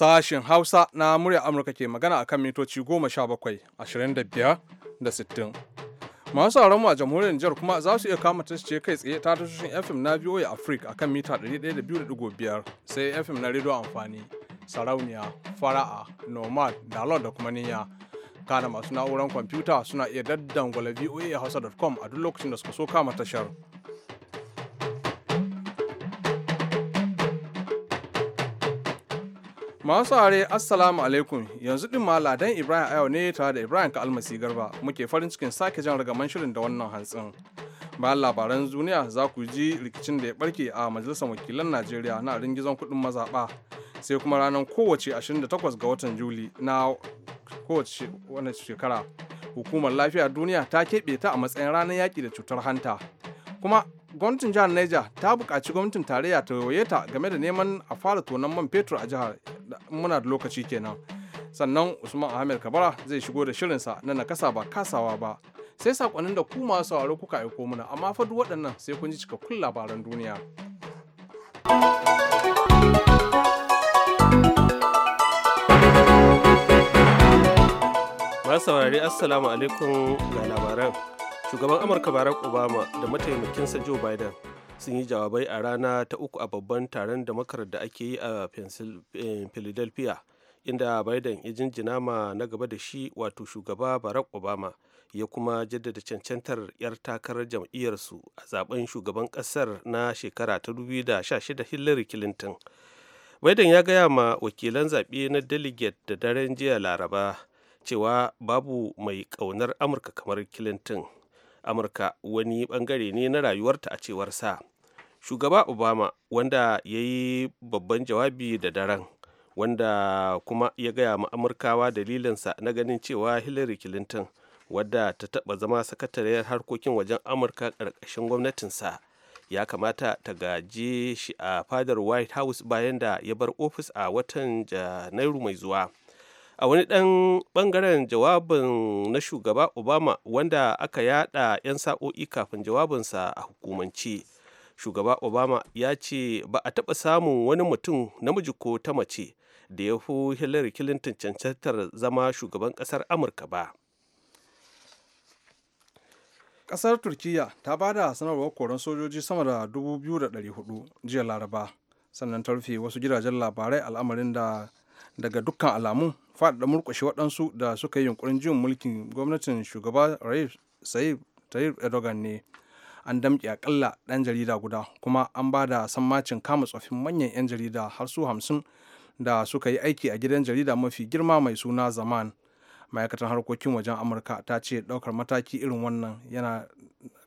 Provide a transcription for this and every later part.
Sashen Hausa na murya Amurka ke magana a kan mitoci 17, 25 da 60. Masu sauranmu a jamhuriyar Nijar kuma za su iya kama ce kai tsaye ta tashoshin FM na VOA Africa a kan mita 102.5 sai FM na rediyo amfani, sarauniya, fara'a, nomad, dalon da kuma niyya. Kana masu na'urar kwamfuta suna iya daddan daddangwala voa hausa.com a duk lokacin da suka so kama tashar. Masu are Assalamu alaikum yanzu din ma Ladan Ibrahim Ayo ne tare da Ibrahim Kalmasi Garba muke farin cikin sake jan ragaman shirin da wannan hantsin. Bayan labaran duniya za ku ji rikicin da ya barke a Majalisar Wakilan Najeriya na ringizon kuɗin mazaɓa sai kuma ranar kowace 28 ga watan Juli na kowace wannan shekara. Hukumar Lafiya Duniya ta keɓe ta a matsayin ranar yaƙi da cutar hanta. kuma gwamnatin jihar Niger ta buƙaci gwamnatin tarayya ta waye ta game da neman a fara tonon man fetur a jihar muna da lokaci kenan sannan Usman Ahmed Kabara zai shigo da shirinsa na nakasa ba kasawa ba sai sakonnin da kuma masu sauraro kuka aiko mana amma fa duk waɗannan sai kun ji cikakkun labaran duniya. Masu saurari Assalamu alaikum ga labaran. shugaban amurka barack obama da mataimakinsa joe biden sun yi jawabai a rana ta uku a babban taron da makar da ake yi a eh, philadelphia inda biden ya jinjina ma na gaba da shi wato shugaba barack obama ya kuma jaddada cancantar 'yar takarar jam'iyyarsu a zaben shugaban kasar na shekara ta 2016 hillary clinton biden ya gaya ma wakilan zaɓe na delegate da daren jiya laraba cewa babu mai ƙaunar amurka kamar clinton amurka wani bangare ne na rayuwarta a cewar sa shugaba obama wanda ya yi babban jawabi da daren wanda kuma ya gaya ma amurkawa dalilinsa na ganin cewa hillary clinton wadda ta taba zama sakatariyar harkokin wajen amurka ƙarƙashin gwamnatinsa ya kamata ta gaje shi a fadar white house bayan da ya bar ofis a watan janairu mai zuwa a wani ɗan ɓangaren jawabin na shugaba obama wanda aka yada 'yan sa'o'i kafin jawabinsa a hukumance shugaba obama ya ce ba a taɓa samun wani mutum namiji ko ta mace da ya fi hillary clinton cancantar zama shugaban ƙasar amurka ba ƙasar turkiya ta ba da sanarwar koron sojoji sama da 2,400 jiya laraba sannan ta rufe wasu gidajen labarai al'amarin da daga dukkan alamu faɗaɗa murƙushe waɗansu da suka yi yunkurin jin mulkin gwamnatin shugaba Raif Sayyid Tayyip Erdogan ne. An damƙe aƙalla ɗan jarida guda kuma an ba da sammacin kama tsoffin manyan 'yan jarida har su hamsin da suka yi aiki a gidan jarida mafi girma mai suna Zaman. Ma'aikatan harkokin wajen Amurka ta ce ɗaukar mataki irin wannan yana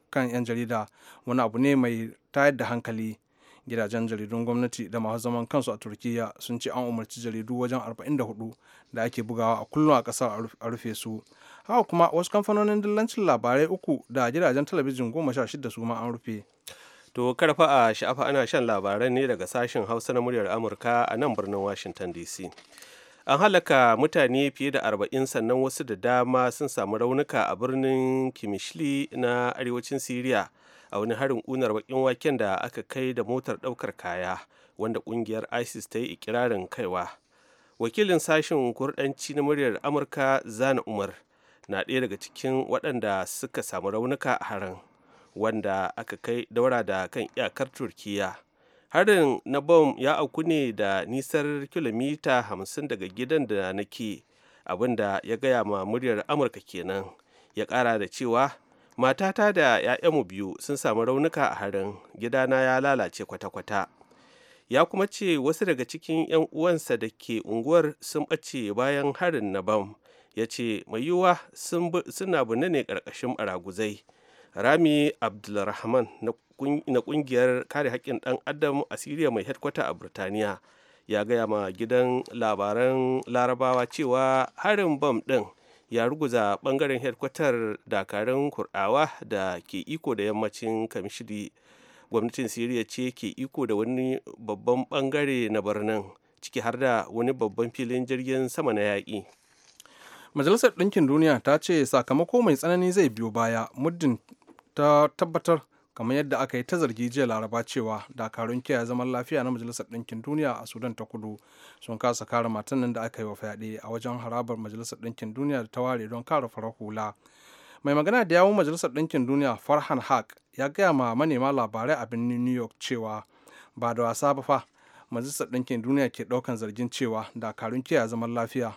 kan 'yan jarida wani abu ne mai tayar da hankali gidajen jaridun gwamnati da masu zaman kansu a turkiya sun ce an umarci jaridu wajen 44 da ake bugawa a kullum a kasar a rufe su haka kuma wasu kamfanonin dillancin labarai uku da gidajen talabijin goma sha shida su ma an rufe to karfa a sha'afa ana shan labarai ne daga sashen hausa na muryar amurka a nan birnin washington dc an halaka mutane fiye da arba'in sannan wasu da dama sun samu raunuka a birnin kimishli na arewacin siriya a wani harin unar bakin waken da aka kai da motar daukar kaya wanda kungiyar isis ta yi ikirarin kaiwa wakilin sashen kurdanci na muryar amurka zana umar na ɗaya daga cikin waɗanda suka samu raunuka a harin wanda aka kai daura da kan iyakar turkiyya harin na bom ya auku ne da nisar kilomita 50 daga gidan da nake abinda ya gaya ma muryar amurka kenan ya kara da cewa matata da 'ya'yanmu biyu sun samu raunuka a harin gidana ya lalace kwata-kwata ya kuma ce wasu daga cikin 'yan uwansa da ke unguwar sun ɓace bayan harin na bam ya ce mai yiwuwa suna bunne ne ƙarƙashin baraguzai rami abdulrahman na kungiyar kare haƙƙin ɗan adam a siriya mai headkwata a burtaniya ya gaya ma gidan labaran larabawa cewa harin bam ɗin ya ruguza ɓangaren headkwatar dakarun kurawa da ke iko da yammacin kamishiri gwamnatin siriya ce ke iko da wani babban ɓangare na birnin ciki har da wani babban filin jirgin sama na yaƙi majalisar ɗinkin duniya ta ce sakamako mai tsanani zai biyo baya muddin ta tabbatar kamar yadda aka yi ta zargi jiya laraba cewa dakarun kiyaye zaman lafiya na majalisar ɗinkin duniya a sudan ta kudu sun kasa kare matan nan da aka yi wa fyaɗe a wajen harabar majalisar ɗinkin duniya da ta ware don kare farar hula mai magana da yawun majalisar ɗinkin duniya farhan haq ya gaya ma manema labarai a birnin new york cewa ba da wasa ba fa majalisar ɗinkin duniya ke ɗaukan zargin cewa dakarun kiyaye zaman lafiya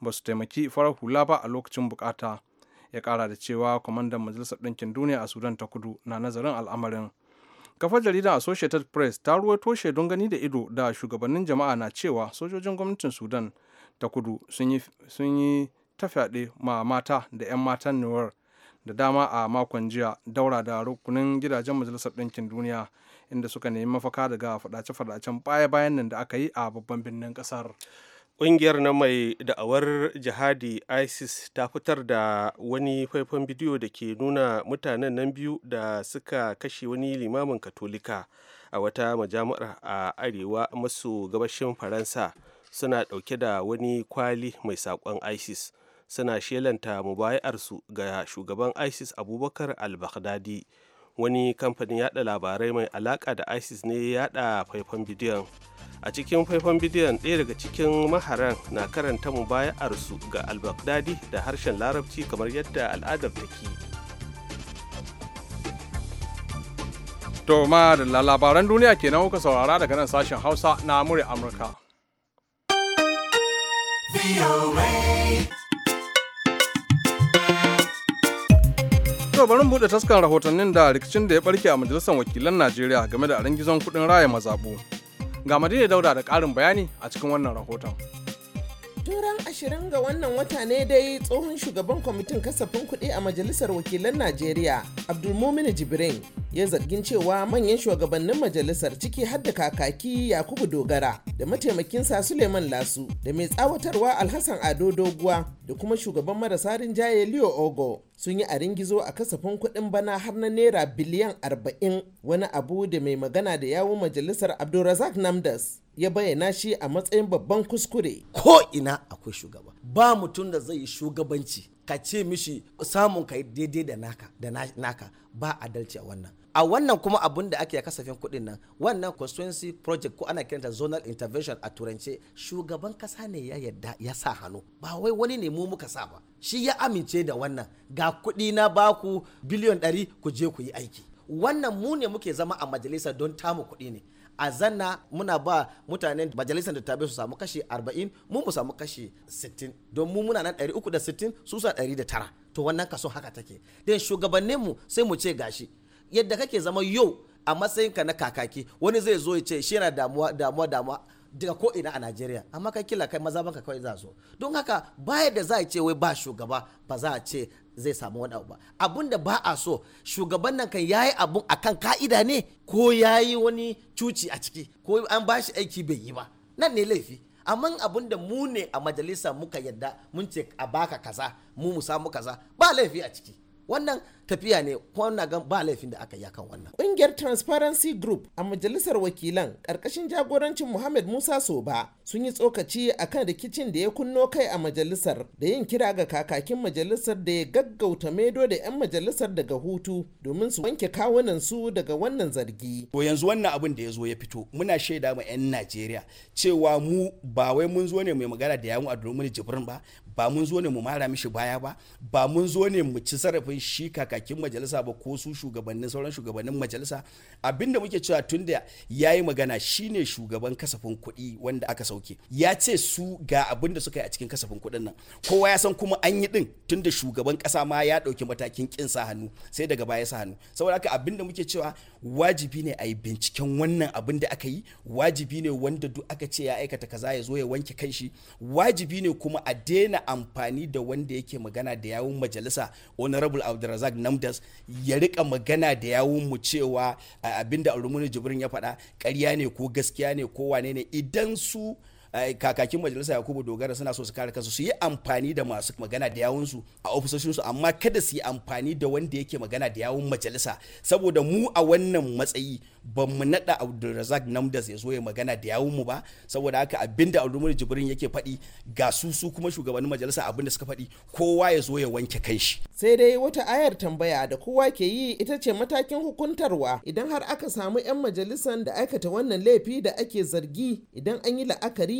ba su taimaki farar hula ba a lokacin bukata ya kara da cewa kwamandan majalisar ɗinkin duniya a sudan ta kudu na nazarin al'amarin kafar jaridar associated press ta ruwa toshe don gani da ido da shugabannin jama'a na cewa sojojin gwamnatin sudan ta kudu sun yi ta fyaɗe ma mata da 'yan matan newar da dama a makon jiya daura da rukunin gidajen majalisar ɗinkin duniya inda suka nemi mafaka daga fadace-fadacen baya-bayan nan da aka yi a babban birnin ƙasar. Ƙungiyar na mai da'awar jihadi ISIS ta fitar da wani faifan bidiyo da ke nuna mutanen nan biyu da suka kashe wani limamin katolika a wata majami'ar a arewa maso gabashin Faransa suna ɗauke da wani kwali mai saƙon ISIS suna shelanta mubayarsu ga shugaban ISIS Abubakar al-Baghdadi. wani kamfanin yada labarai mai alaka da isis ne yada faifan bidiyon a cikin faifan bidiyon ɗaya daga cikin maharan na karanta mubaya'arsu ga al da harshen larabci kamar yadda al'adar take to ma da labaran duniya kenan kuka saurara daga nan sashen hausa na amurka amurka To bari buɗe taskar rahotannin da rikicin da ya barke a majalisar wakilan Najeriya game da gizon kudin raya mazabu Ga Madina Dauda da ƙarin bayani a cikin wannan rahoton. Turan ashirin ga wannan wata ne dai tsohon shugaban kwamitin kasafin kuɗi a Majalisar Wakilan Najeriya, Abdulmumin Jibrin, ya zargin cewa manyan shugabannin majalisar ciki har da kakaki Yakubu Dogara da mataimakinsa Suleiman Lasu da mai tsawatarwa Alhassan Ado Doguwa da kuma shugaban marasa rinjaye Leo Ogo sun yi a ringizo a kasafin kuɗin bana har na naira biliyan arba'in wani abu da mai magana da yawun majalisar Abdulrazak Namdas ya bayyana shi a matsayin babban kuskure ko ina akwai shugaba ba mutum da zai yi shugabanci ka ce mishi samun ka daidai da naka da naka ba adalci a wannan a wannan kuma abun da ake kasafin kuɗin nan wannan constituency project ko ana kiranta zonal intervention a turance shugaban kasa ne ya yadda ya sa hannu ba wai wani ne mu muka sa ba shi ya amince da wannan ga kuɗi na baku biliyon ɗari ku je ku yi aiki wannan mu ne muke zama a majalisa don tamu kuɗi ne a zanna muna ba mutanen majalisar da su samu kashi 40 mu mu samu kashi 60 don mu muna nan 360 su sa 109 to wannan kaso haka take dan mu sai mu ce gashi yadda kake zama yau a matsayin ka na kakaki wani zai zo ya ce shi yana damuwa damuwa damuwa daga ko ina a Najeriya amma kai kila kai maza banka kawai za zo don haka baya da za a ce wai ba shugaba ba za a ce zai samu wani abu ba abun da ba a so shugaban nan kan yayi abun akan ka'ida ne ko yayi wani cuci a ciki ko an bashi aiki bai yi ba nan ne laifi amma abun da mu ne a majalisa muka yadda mun ce a baka kaza mu mu samu kaza ba laifi a ciki wannan tafiya ne kuma na gan ba laifin da aka yi akan wannan ƙungiyar transparency group a majalisar wakilan ƙarƙashin jagorancin muhammad musa soba sun yi tsokaci a kan rikicin da ya kunno kai a majalisar da yin kira ga kakakin majalisar da ya gaggauta maido da 'yan majalisar daga hutu domin su wanke kawunan su daga wannan zargi to yanzu wannan abin da ya zo ya fito muna shaida ma 'yan najeriya cewa mu ba wai mun zo ne mai magana da yawun a domin jibrin ba ba mun zo ne mu mara mishi baya ba ba mun zo ne mu ci zarafin shi kakakin majalisa ba ko su shugabannin sauran shugabannin majalisa abinda muke cewa tun da ya yi magana shine shugaban kasafin kuɗi wanda aka sauke ya ce su ga abinda suka yi a cikin kasafin kuɗin nan kowa ya san kuma an yi din tun da shugaban ƙasa ma ya ɗauki matakin kin sa hannu sai daga baya sa hannu saboda haka abin da muke cewa wajibi ne a yi binciken wannan abin da aka yi wajibi ne wanda duk aka ce ya aikata kaza ya zo ya wanke kanshi wajibi ne kuma a daina amfani da wanda yake magana da yawun majalisa honorable abdulrazak namdas ya rika magana da yawun mu cewa abinda alumuni jibrin ya faɗa karya ne ko gaskiya ne ko wane ne idan su kakakin majalisa yakubu dogara suna so su kare kansu su yi amfani da masu magana da yawunsu a ofisoshin su amma kada su yi amfani da wanda yake magana da yawun majalisa saboda mu a wannan matsayi ba mu naɗa abdulrazak namdas ya zo ya magana da yawun mu ba saboda haka abinda abdulmumin jibrin yake faɗi ga su su kuma shugabannin majalisa abinda suka faɗi kowa ya zo ya wanke kanshi sai dai wata ayar tambaya da kowa ke yi ita ce matakin hukuntarwa idan har aka samu 'yan majalisan da aikata wannan laifi da ake zargi idan an yi la'akari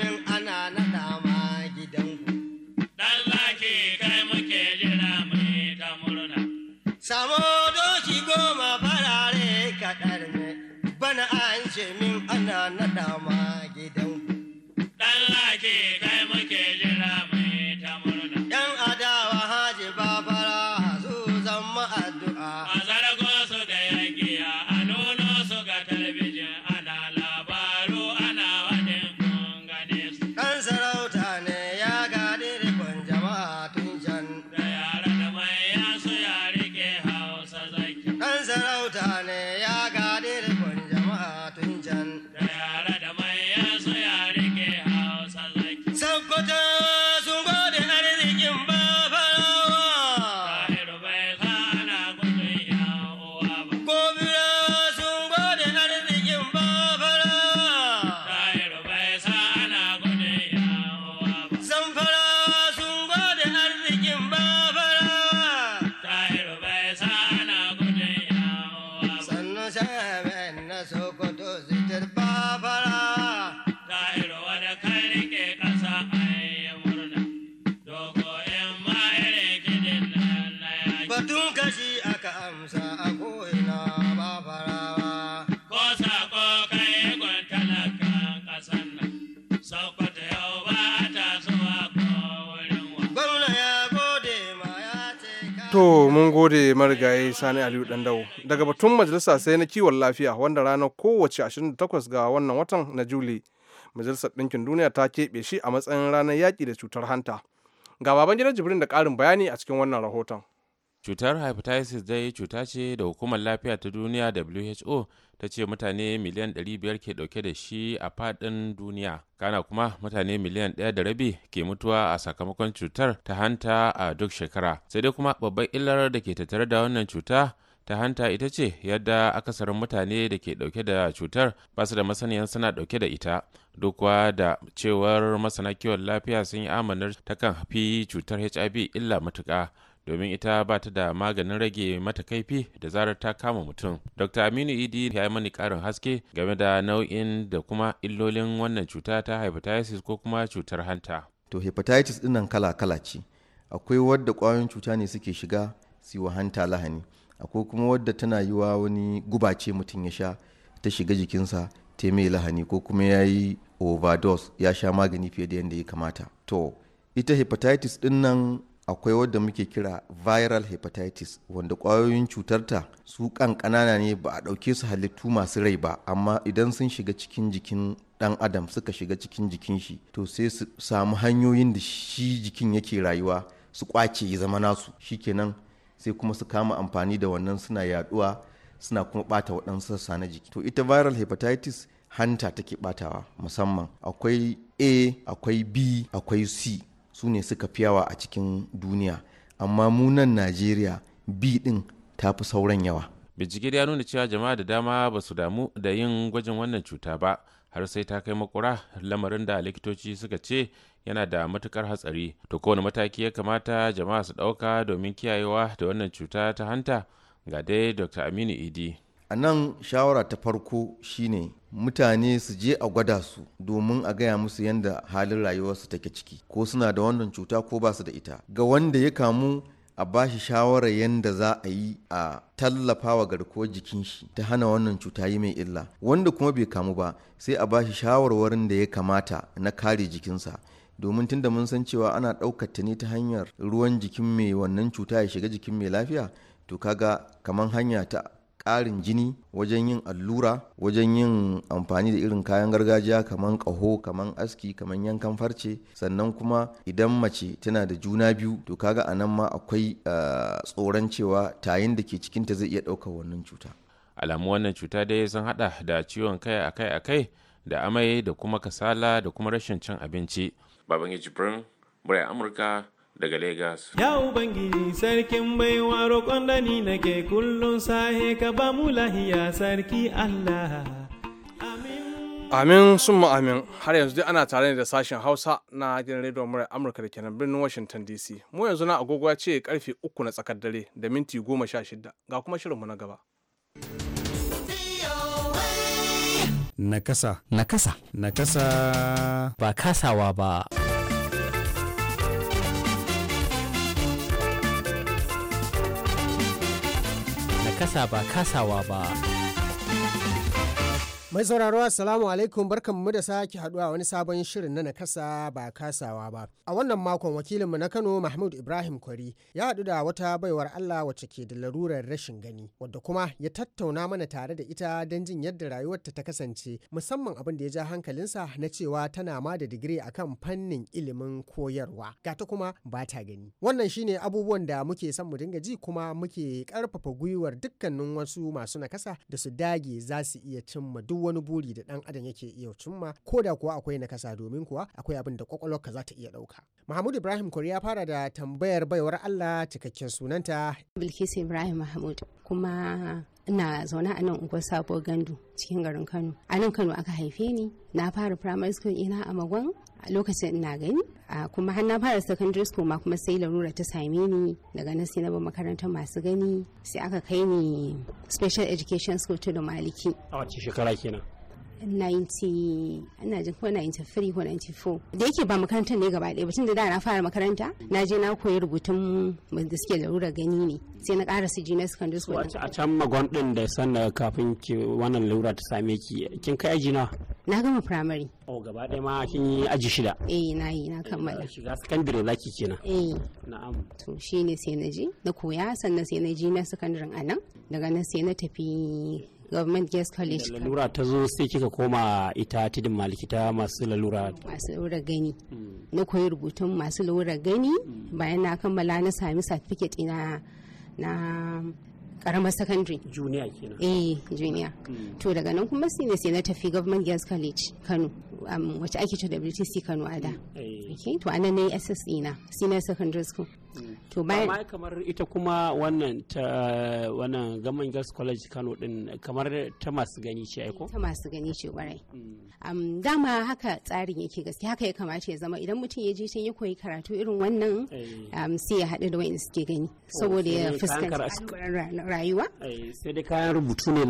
Singing Sani Aliyu dawo Daga batun majalisa sai na kiwon lafiya wanda ranar kowace 28 ga wannan watan na Juli. Majalisar Ɗinkin Duniya ta keɓe shi a matsayin ranar yaƙi da cutar hanta. Ga baban gidan Jibrin da ƙarin bayani a cikin wannan rahoton. cutar hepatitis dai cuta ce da hukumar lafiya ta duniya who ta ce mutane miliyan 500 ke dauke da shi a fadin duniya kana kuma mutane miliyan ɗaya ke mutuwa a sakamakon cutar ta hanta a duk shekara sai dai kuma babban illar da ke tattare da wannan cuta ta hanta ita ce yadda akasarin mutane da ke dauke da cutar ba su da masaniyan suna dauke da ita duk da cewar masana kiwon lafiya sun yi amanar ta kan fi cutar hiv illa matuka domin ita ba ta da maganin rage mata kaifi da zarar ta kama mutum. Dr. Aminu Idi ya yi mani karin haske game da nau'in da kuma illolin wannan cuta ta hepatitis ko kuma cutar hanta. To hepatitis dinnan kala-kala ce. Akwai wadda ƙwayoyin cuta ne suke shiga su hanta lahani. Akwai kuma wadda tana yiwa wani gubace mutum ya sha ta shiga jikinsa ta mai lahani ko kuma ya yi overdose ya sha magani fiye da yadda ya kamata. To ita hepatitis dinnan akwai wadda muke kira viral hepatitis wanda kwayoyin cutarta su kan ne ba a ɗauke su halittu masu rai ba amma idan sun shiga cikin jikin ɗan adam suka shiga cikin jikin shi to sai su samu hanyoyin da shi jikin yake rayuwa su kwace ya zama nasu shi shikenan sai kuma su kama amfani da wannan suna yaduwa suna kuma bata waɗansu sassa na jiki to ita viral hepatitis hanta take batawa musamman akwai a akwai b akwai c su ne suka fiyawa a cikin duniya amma munan nan najeriya bi din ta fi sauran yawa bincike ya nuna cewa jama'a da dama ba su damu da yin gwajin wannan cuta ba har sai ta kai makura lamarin da likitoci suka ce yana da matukar hatsari to kowane mataki ya kamata jama'a su ɗauka domin kiyayewa da wannan cuta ta hanta ga dai dr aminu idi a nan shawara ta farko shine mutane su je a gwada su domin a gaya musu yadda halin rayuwarsu take ciki ko suna da wannan cuta ko ba su da ita ga wanda ya kamu a ba shi shawara yadda za a yi a tallafa wa garkuwar jikin shi ta hana wannan cuta yi mai illa wanda kuma bai kamu ba sai a ba shi shawarwarin da ya kamata na kare jikinsa domin tunda mun san cewa ana ɗaukar ta ne ta hanyar ruwan jikin mai wannan cuta ya shiga jikin mai lafiya to kaga kamar hanya ta ƙarin jini wajen yin allura wajen yin amfani da irin kayan gargajiya kamar ƙaho kamar aski kamar yankan farce sannan kuma idan mace tana da juna biyu to kaga a nan ma akwai ah, tsoron cewa tayin da ke cikinta zai iya ɗaukar wannan cuta alamu wannan cuta dai sun hada da ciwon kai akai akai da amai da kuma kasala da kuma rashin cin abinci baban jibrin amurka daga Legas. Ya Ubangiji sarkin baiwa roƙon da ni nake kullum sahe ka ba mu lahiya sarki Allah. Amin summa amin har yanzu dai ana tare da sashen Hausa na gidan rediyon murar Amurka da kenan birnin Washington DC. Mu yanzu na agogo ya ce karfe uku na tsakar dare da minti goma sha shida ga kuma shirinmu na gaba. Nakasa. Nakasa. Nakasa. Ba kasawa ba. カサバカサワバ Mai sauraro Assalamu alaikum mu da sake haduwa wani sabon shirin na nakasa ba kasawa ba. A wannan makon wakilinmu na Kano Mahmud Ibrahim Kwari ya haɗu da wata baiwar Allah wacce ke da larurar rashin gani wadda kuma ya tattauna mana tare da ita don jin yadda rayuwarta ta kasance musamman abin da ya ja hankalinsa na cewa tana ma da digiri akan fannin ilimin koyarwa ga ta kuma ba ta gani. Wannan shine abubuwan da muke son mu dinga ji kuma muke karfafa gwiwar dukkanin wasu masu nakasa da su dage za su iya cimma duk wani buri da ɗan adam yake iya cimma ko da kuwa akwai nakasa domin kuwa akwai abin da kwakwalwarka za ta iya ɗauka. Mahmud Ibrahim Kori ya fara da tambayar baiwar Allah cikakken sunanta. Bilkisu Ibrahim Mahmud kuma ina zaune a nan unguwar sabuwar gandu cikin garin kano a nan kano aka haife ni na fara primary school ina a magon a lokacin ina gani kuma har na fara secondary school ma kuma sai larura ta same ni daga nan sai na makarantar masu gani sai aka kai ni special education school da maliki a wace shekara kenan 90 ina jin ko 93 ko 94 da yake ba makarantar ne gaba ɗaya batun da da na fara makaranta na je na koyi rubutun da suke larura gani ne sai na na junior secondary school a can magon din da sanna kafin ki wannan larura ta same ki kin kai aji na na gama primary o oh, gaba ɗaya ma kin yi aji shida eh na yi na kammala shiga secondary zaki kenan eh na'am to shine sai na je na koya sannan sai na je na secondary a nan daga nan sai na tafi government girls college da lalura ta zo sai kika koma ita tidin maliki ta masu lalura masu lalura gani hmm. na koyi rubutun masu lalura gani hmm. bayan na kammala na sami certificate ina na karamar secondary junior kenan eh junior hmm. to daga nan kuma sai na tafi government girls college Kano Um, wacce ake cewa WTC Kano a da eh. okay to anan ne SS ina senior secondary school mm. to bayan amma kamar ita kuma wannan ta wannan Gaman Girls College Kano din kamar ta masu gani ce aiko ta masu gani ce kwarai mm. um dama haka tsarin yake gaskiya haka ya kamata ya zama idan mutum ya je can ya koyi karatu irin wannan eh. um sai ya haɗu da wa'in suke gani oh, saboda ya fuskanci rayuwa eh, sai dai kayan rubutu ne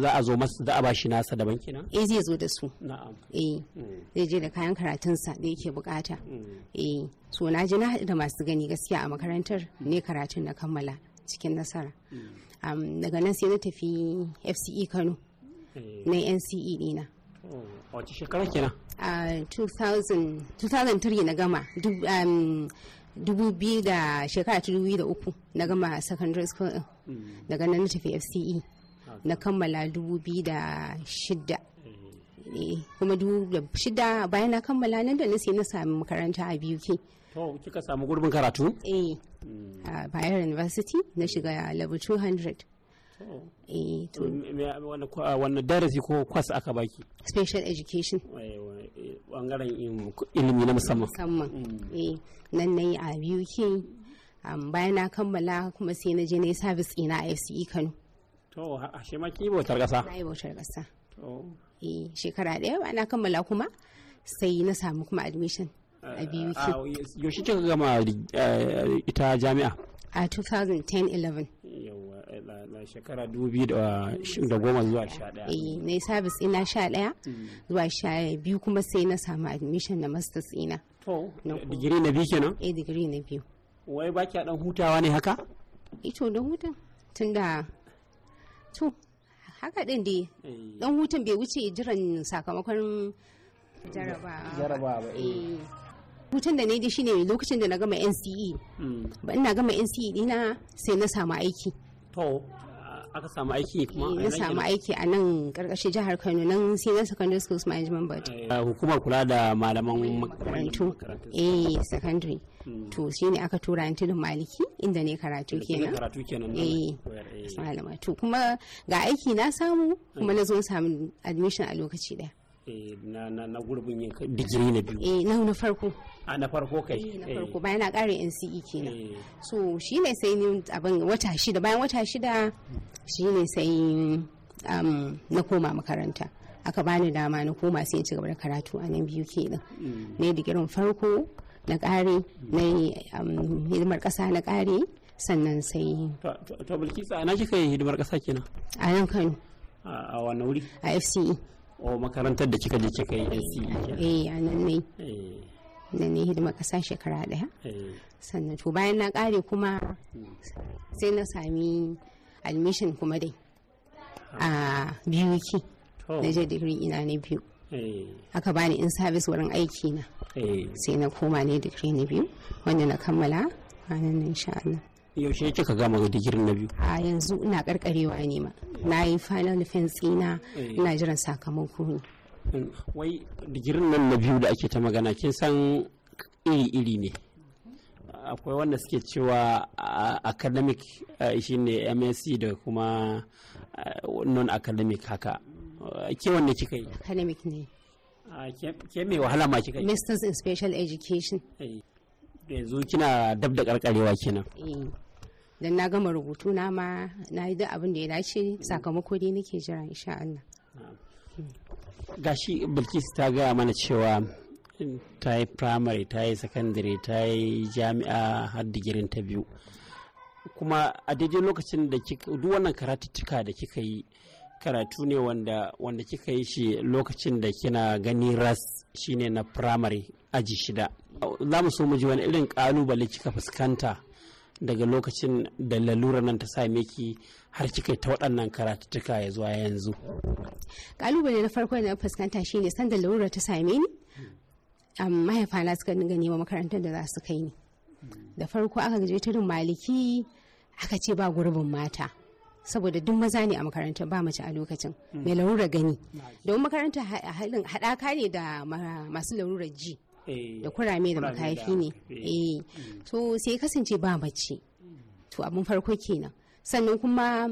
za a zo masu za a bashi nasa daban kenan eh zai zo da su na'am eh mm. zai je da kayan karatunsa da yake bukata mm. eh so na ji na haɗu da masu gani gaskiya a makarantar mm. ne karatun na kammala cikin nasara daga nan sai na tafi fce kano na nce dina wace shekara kenan a 2003 na gama dubu biyu da shekara ta dubu da uku na gama secondary school daga nan na tafi fce na kammala dubu biyu da shida eh kuma dubu shida bayan na kammala nan da na sai na sami makaranta a biyu ke to kika samu gurbin karatu eh hmm. a Bayero University na shiga level 200 eh, wani darasi ko kwas aka baki special education eh, eh, bangaren ilimi na musamman musamman hmm. nan na yi a uk bayan na kammala kuma sai na je na yi service ina a e kano to a shi ma ki bautar kasa na yi bautar kasa Oh. eh shekara ɗaya ba na kammala kuma sai na samu kuma admission a biyu ah, ah, yaushe kika gama eh, ita jami'a a 2010-11 yawa eh, shekara 2010 ah, zuwa 11 na yi sabis ina 11 mm. zuwa 12 kuma sai na samu admission na masters ina to eh, digiri na biyu kenan eh digiri na biyu wai baki dan hutawa ne haka ito da hutun tunda to haka din dai dan eh. hutun bai wuce jiran sakamakon jarabawa ba eh. Eh. hutun da na yi shine lokacin da na gama NCE mm. ba ina gama NCE dina sai na samu aiki aka samu aiki kuma eh, na samu aiki a nan karkashin jihar Kano nan senior secondary schools management board eh, hukumar kula da malaman eh, makarantu eh secondary hmm. to shine aka tura ni tudun maliki inda ne karatu kenan karatu kenan eh malama to kuma ga aiki na samu kuma hmm. na zo samu admission a lokaci daya Eh, na gurbin yin digiri na biyu eh, na na farko a ah, na farko kai eh, na farko bayan na kare NCE kenan so shine sai ni abin wata shida bayan wata shida shine sai um, na koma makaranta aka bani dama na koma sai in ci gaba da karatu a nan biyu kenan mm. ne digirin farko na kare na um, hidimar kasa na kare sannan sai to bilkisa na kika yi hidimar kasa kenan a nan kano a wannan wuri a fce o makarantar da kika je kika yi SCE eh a nan ne eh. Nan ne hidima ƙasa shekara ɗaya eh. sannan to bayan na kare kuma hmm. sai na sami admission kuma dai a BUK na je digiri ina na biyu eh. aka bani in service wurin aiki na sai na koma ne digiri na biyu wanda na kammala a nan insha Allah yaushe kika gama digirin na biyu a yanzu ina karkarewa ne ma na yi final defense ina eh. ina jiran sakamako ne mm. wai digirin nan na biyu da ake ta magana kin san iri-iri ne akwai wanda suke cewa ah, academic eh, shine msc da kuma eh, non-academic haka ke wanne kika yi academic ne ah, ke mai wahala ma kika yi masters in special education yanzu kina dab da karkarewa kenan eh, dan na gama rubutu na ma na yi duk abin da ya dace sakamako dai nake jira insha Allah gashi Bilkisu ta gaya mana cewa mm, ta yi primary ta yi secondary ta yi jami'a har digirin ta biyu kuma a daidai lokacin da duk wannan karatuttuka da kika yi karatu ne wanda wanda kika yi shi lokacin da kina gani ras shine na primary aji shida za mu so mu ji wani irin kalubale kika fuskanta daga lokacin da lalura nan ta same ki har kika ta waɗannan karatuttuka ya zuwa yanzu kalubale na farko da na fuskanta shine sanda lalura ta same ni mahaifa mahaifana suka gani nema makarantar da za su kai ni da farko aka gaje turin maliki aka ce ba gurbin mata saboda duk maza ne a makarantar ba mace a lokacin hmm. mai larurar gani domin makarantar haɗaka ne da masu larurar ji eh, da kurame da makafi ne eh to hmm. sai kasance ba mace hmm. to abin farko kenan sannan kuma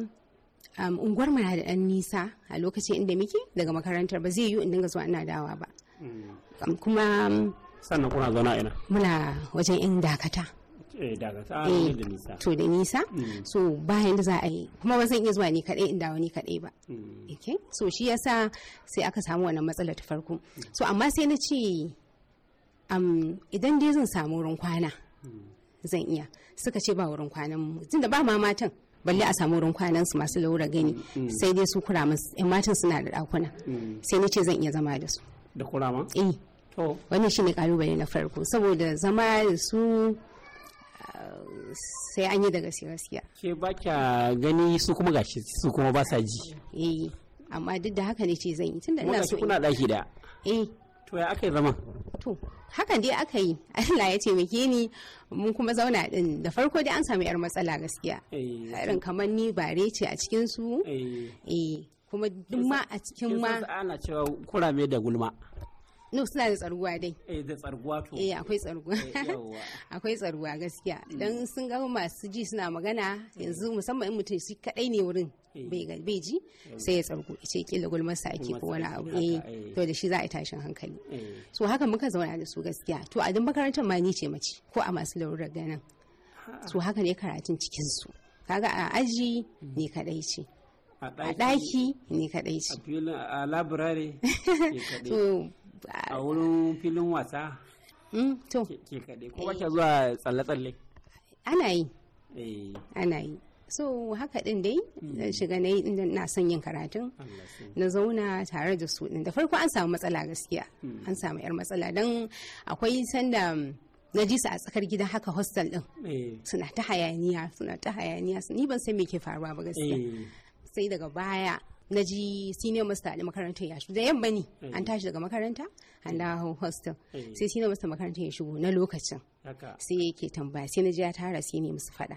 um, unguwar mu na da ɗan nisa a lokacin inda muke daga makarantar ba zai yi in dinga zuwa ina dawa ba kuma um, sannan kuna zauna ina muna wajen yan dakata Eh, eh, to da nisa mm. so bayan da za a yi kuma ba zan iya zuwa ni kadai inda wani kadai ba mm. so shi yasa sai aka samu wannan matsala ta farko mm. so amma sai na ce idan dai zan samu wurin kwana zan iya suka ce ba wurin kwanan mu tunda ba ma matan balle a samu wurin kwanan su masu laura gani sai dai su kuramin yan matan suna da dakuna sai na ce zan iya zama da su da kurama eh wannan shine kalubale na farko saboda zama da su sai an yi da gaske gaskiya ke ba kya gani su kuma gashi su kuma ba sa ji eh amma duk da haka ne ce zan yi tun da ina so kuna daki da eh to ya aka yi zama to hakan dai aka yi Allah ya ce muke ni mun kuma zauna din da farko dai an samu yar matsala gaskiya eh. irin kamar ni bare ce a cikin su eh. eh kuma duk ma a cikin ma ana cewa kurame da gulma no suna da tsarguwa dai eh da tsarguwa to eh akwai tsarguwa eh, akwai tsarguwa gaskiya mm. dan sun ga masu ji suna magana mm. yanzu musamman in mutum shi kadai ne wurin eh. bai ji eh. sai ya tsargu ce kila sa ake ko wani abu eh to da shi za a yi tashin hankali so haka muka zauna da su gaskiya to a duk makarantar ma ni ce mace ko a masu larurar ganin so haka ne karatun cikin su kaga a aji mm. ne kadai ce a ɗaki ne kadai ce a filin a labirare a wurin filin wasa mm, to ke kaɗai ko ba zuwa tsalle-tsalle ana yi eh. ana yi so haka din dai zan mm. shiga na yi na son yin karatun na zauna tare da su da farko an samu matsala gaskiya mm. an samu yar matsala don akwai sanda na ji su a tsakar gidan haka hostel din eh. suna ta hayaniya suna ta hayaniya ni ban san me ke faruwa ba gaskiya eh. sai daga baya na ji senior master na makarantar ya shigo da yamma ne mm. an tashi daga makaranta an mm. dawo hostel mm. sai senior master makarantar ya shigo na lokacin sai yake tambaya sai na ji ya tara sai ne musu faɗa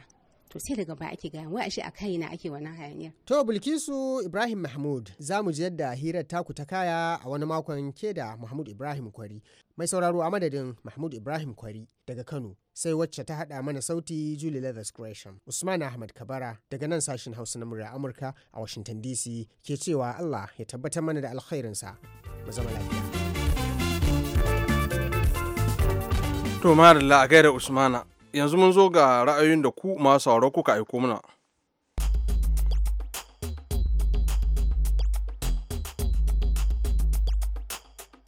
to sai daga ba ake gaya wai ashe a kaina ake wannan hayaniya. To Bilkisu Ibrahim Mahmud za mu ji yadda hirar taku ta kaya a wani makon ke da Mahmud Ibrahim Kwari. Mai sauraro a madadin Mahmud Ibrahim Kwari daga Kano sai wacce ta haɗa mana sauti Julie Leathers Gresham. Usman Ahmad Kabara daga nan sashen Hausa na murya Amurka a Washington DC ke cewa Allah ya tabbatar mana da alkhairinsa. Mu zama lafiya. To a gaira Usmana, yanzu mun zo ga ra'ayoyin da ku masu sauro kuka aiko mana.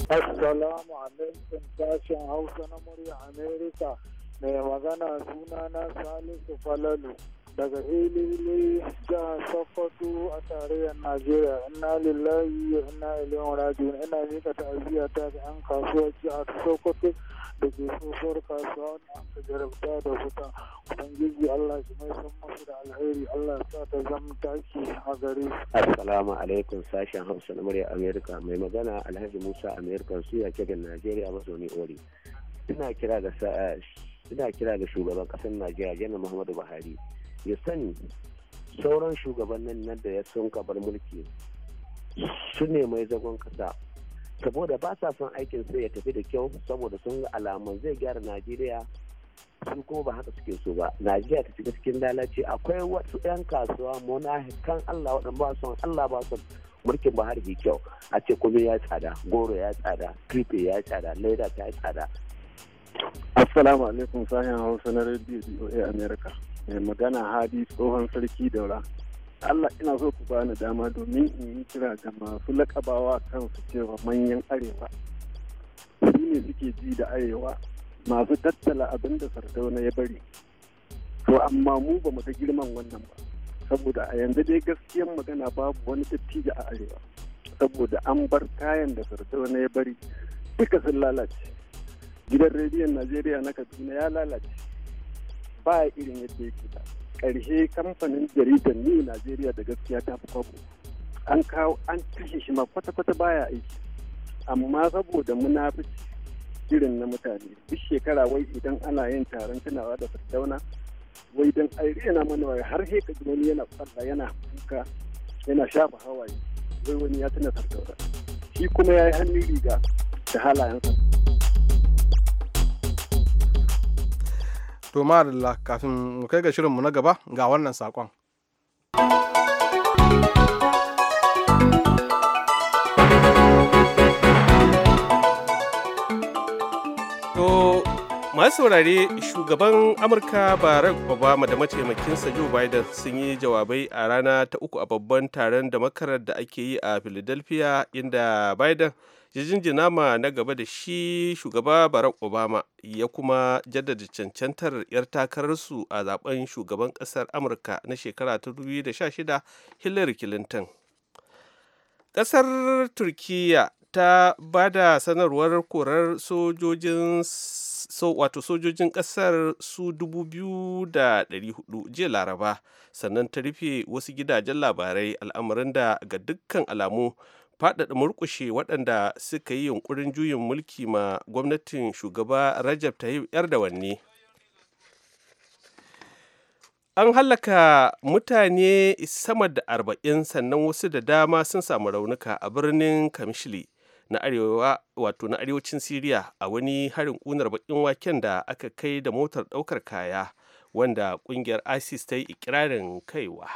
Assalamu alaikum sashen Hausa na murya Amerika. mai magana suna na salisu falalu daga hili ga sokoto a tarayyar najeriya ina lillahi ina ilimin rajiyon ina mika aziya ta ga yan a a sokoto da ke tsohuwar kasuwa wani an ka jarabta da wuta ubangiji allah shi mai san masu da alheri allah sa ta zama taki a gare assalamu alaikum sashen hausa na murya amerika mai magana alhaji musa amerika suya kegin najeriya mazauni ori ina kira ga ina kira da shugaban kasar najeriya janar muhammadu buhari ya sani sauran shugabannin nan da ya sun kabar mulki su ne mai zagon kasa saboda ba sa son aikin sai ya tafi da kyau saboda sun ga zai gyara najeriya su kuma ba haka suke so ba najeriya ta shiga cikin lalace akwai wasu 'yan kasuwa kan allah waɗanda ba son allah ba son mulkin buhari kyau a ce kome ya tsada goro ya tsada kripe ya tsada leda ta tsada Assalamu alaikum sahin Hausa na Radio DOA America. Mai magana Hadi tsohon sarki daura. Allah ina so ku bani dama domin in yi kira ga masu lakabawa su cewa manyan arewa. Shi ne suke ji da arewa masu tattala abin da sardauna ya bari. To amma mu ba mu ga girman wannan ba. Saboda a yanzu dai gaskiyan magana babu wani dattijo a arewa. Saboda an bar kayan da sardauna ya bari duka sun lalace. gidan rediyon najeriya na kaduna ya lalace ba irin yadda yake da karshe kamfanin jaridar ni najeriya da gaskiya ta fi kwabo an kawo an kashe shi ma kwata-kwata baya aiki amma saboda munafici irin na mutane duk shekara wai idan ana yin taron tunawa da tattauna wai don airena mana wai har sai kaji wani yana kwalla yana kuka yana shafa hawaye wai wani ya tuna tattauna shi kuma ya yi hannun riga da halayensa To madalla kafin mu kai ga shirinmu na gaba ga wannan saƙon. To masu saurare shugaban Amurka Barack Obama da mataimakinsa Joe Biden sun yi jawabai a rana ta uku a babban taron da makarar da ake yi a Philadelphia inda Biden ya na gaba da shi shugaba barack obama ya kuma jaddada cancantar 'yar takararsu a zaben shugaban kasar amurka na shekara ta 2016 hillary clinton kasar turkiya ta ba da sanarwar korar sojojin so, wato sojojin kasar su 2,400 jiya laraba sannan ta rufe wasu gidajen labarai al'amarin da ga dukkan alamu faɗaɗa murƙushe waɗanda suka yi yunƙurin juyin mulki ma gwamnatin shugaba rajab tayyip erdogan ne an hallaka mutane sama da arba'in sannan wasu da dama sun samu raunuka a birnin kamishli na arewa wato na arewacin siriya a wani harin ƙunar baƙin waken da aka kai da motar ɗaukar kaya wanda ƙungiyar isis ta yi ikirarin kaiwa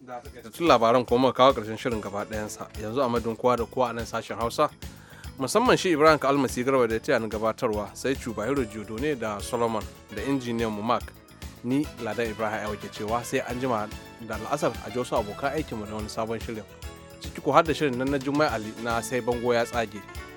da tun labaran kuma kawo karshen shirin gaba ɗayansa yanzu a madun kowa da kowa a nan sashen hausa musamman shi ibrahim ka Almasi garba da ta gabatarwa sai cubahiro jodo ne da solomon da injiniyan mu mark ni ladan ibrahim ya wake cewa sai an jima da al'asar a wasu abokan aikinmu na wani sabon shirin ciki ko har da shirin nan na juma'a na sai bango ya tsage